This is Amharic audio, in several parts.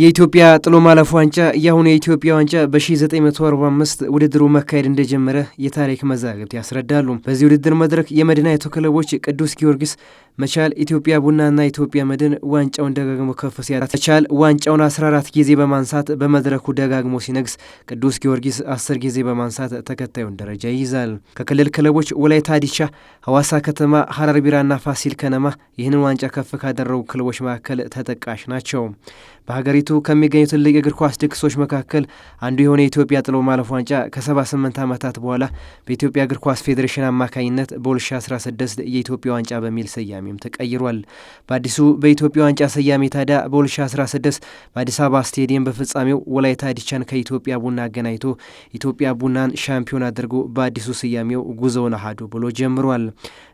የኢትዮጵያ ጥሎ ማለፍ ዋንጫ የአሁኑ የኢትዮጵያ ዋንጫ በ1945 ውድድሩ መካሄድ እንደጀመረ የታሪክ መዛግብት ያስረዳሉ። በዚህ ውድድር መድረክ የመድናይቱ ክለቦች ቅዱስ ጊዮርጊስ፣ መቻል፣ ኢትዮጵያ ቡናና ኢትዮጵያ መድን ዋንጫውን ደጋግሞ ከፍ ሲያደርግ መቻል ዋንጫውን 14 ጊዜ በማንሳት በመድረኩ ደጋግሞ ሲነግስ፣ ቅዱስ ጊዮርጊስ 10 ጊዜ በማንሳት ተከታዩን ደረጃ ይይዛል። ከክልል ክለቦች ወላይታ ዲቻ፣ ሐዋሳ ከተማ፣ ሐረር ቢራና ፋሲል ከነማ ይህንን ዋንጫ ከፍ ካደረጉ ክለቦች መካከል ተጠቃሽ ናቸው። በሀገሪ በሀገሪቱ ከሚገኙ ትልቅ የእግር ኳስ ድግሶች መካከል አንዱ የሆነ የኢትዮጵያ ጥሎ ማለፍ ዋንጫ ከ78 ዓመታት በኋላ በኢትዮጵያ እግር ኳስ ፌዴሬሽን አማካኝነት በ2016 የኢትዮጵያ ዋንጫ በሚል ስያሜም ተቀይሯል። በአዲሱ በኢትዮጵያ ዋንጫ ስያሜ ታዲያ በ2016 በአዲስ አበባ ስቴዲየም በፍጻሜው ወላይታ ዲቻን ከኢትዮጵያ ቡና አገናኝቶ ኢትዮጵያ ቡናን ሻምፒዮን አድርጎ በአዲሱ ስያሜው ጉዞውን አሃዱ ብሎ ጀምሯል።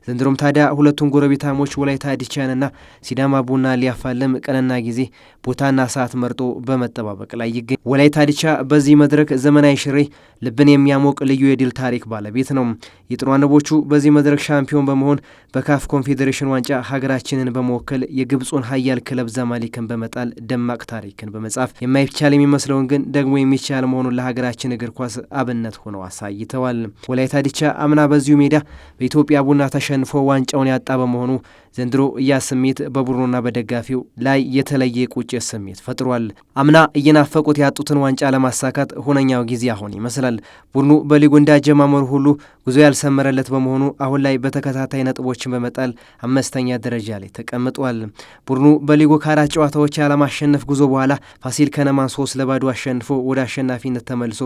ዘንድሮም ታዲያ ሁለቱን ጎረቤታሞች ወላይታ ዲቻንና ሲዳማ ቡና ሊያፋልም ቀንና ጊዜ ቦታና ሰዓት መርጦ በመጠባበቅ ላይ ይገኝ። ወላይታ ዲቻ በዚህ መድረክ ዘመናዊ ሽሬ ልብን የሚያሞቅ ልዩ የድል ታሪክ ባለቤት ነው። የጥሩ አንቦቹ በዚህ መድረክ ሻምፒዮን በመሆን በካፍ ኮንፌዴሬሽን ዋንጫ ሀገራችንን በመወከል የግብፁን ሀያል ክለብ ዘማሊክን በመጣል ደማቅ ታሪክን በመጻፍ የማይቻል የሚመስለውን ግን ደግሞ የሚቻል መሆኑን ለሀገራችን እግር ኳስ አብነት ሆነው አሳይተዋል። ወላይታ ዲቻ አምና በዚሁ ሜዳ በኢትዮጵያ ቡና ተሸንፎ ዋንጫውን ያጣ በመሆኑ ዘንድሮ ያ ስሜት በቡድኑና በደጋፊው ላይ የተለየ ቁጭት ስሜት ፈጥሮ ተናግሯል። አምና እየናፈቁት ያጡትን ዋንጫ ለማሳካት ሁነኛው ጊዜ አሁን ይመስላል። ቡድኑ በሊጉ እንዳጀማመሩ ሁሉ ጉዞ ያልሰመረለት በመሆኑ አሁን ላይ በተከታታይ ነጥቦችን በመጣል አምስተኛ ደረጃ ላይ ተቀምጧል። ቡድኑ በሊጉ ከአራት ጨዋታዎች ያለማሸነፍ ጉዞ በኋላ ፋሲል ከነማን ሶስት ለባዶ አሸንፎ ወደ አሸናፊነት ተመልሶ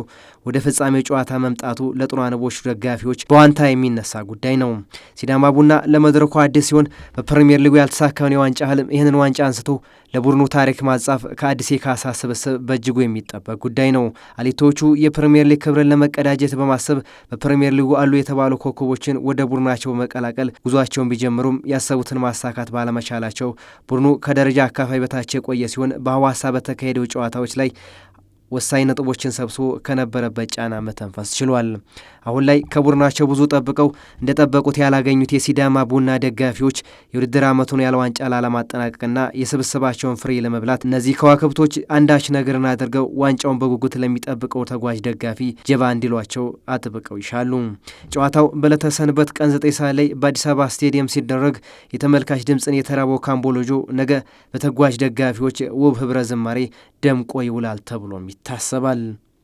ወደ ፍጻሜው ጨዋታ መምጣቱ ለጥሩ አንቦች ደጋፊዎች በዋንታ የሚነሳ ጉዳይ ነው። ሲዳማ ቡና ለመድረኩ አዲስ ሲሆን በፕሪምየር ሊጉ ያልተሳካውን የዋንጫ ህልም ይህንን ዋንጫ አንስቶ ለቡድኑ ታሪክ ማጻፍ አዲስ የካሳ ስብስብ በእጅጉ የሚጠበቅ ጉዳይ ነው። አሌቶቹ የፕሪምየር ሊግ ክብርን ለመቀዳጀት በማሰብ በፕሪምየር ሊጉ አሉ የተባሉ ኮከቦችን ወደ ቡድናቸው በመቀላቀል ጉዟቸውን ቢጀምሩም ያሰቡትን ማሳካት ባለመቻላቸው ቡድኑ ከደረጃ አካፋይ በታች የቆየ ሲሆን በሐዋሳ በተካሄደው ጨዋታዎች ላይ ወሳኝ ነጥቦችን ሰብስቦ ከነበረበት ጫና መተንፈስ ችሏል። አሁን ላይ ከቡድናቸው ብዙ ጠብቀው እንደጠበቁት ያላገኙት የሲዳማ ቡና ደጋፊዎች የውድድር ዓመቱን ያለ ዋንጫ ላለማጠናቀቅና የስብስባቸውን ፍሬ ለመብላት እነዚህ ከዋክብቶች አንዳች ነገርን አድርገው ዋንጫውን በጉጉት ለሚጠብቀው ተጓዥ ደጋፊ ጀባ እንዲሏቸው አጥብቀው ይሻሉ። ጨዋታው በዕለተ ሰንበት ቀን ዘጠኝ ሰዓት ላይ በአዲስ አበባ ስቴዲየም ሲደረግ የተመልካች ድምፅን የተራበው ካምቦሎጆ ነገ በተጓዥ ደጋፊዎች ውብ ህብረ ዝማሬ ደምቆ ይውላል ተብሎም ይታሰባል።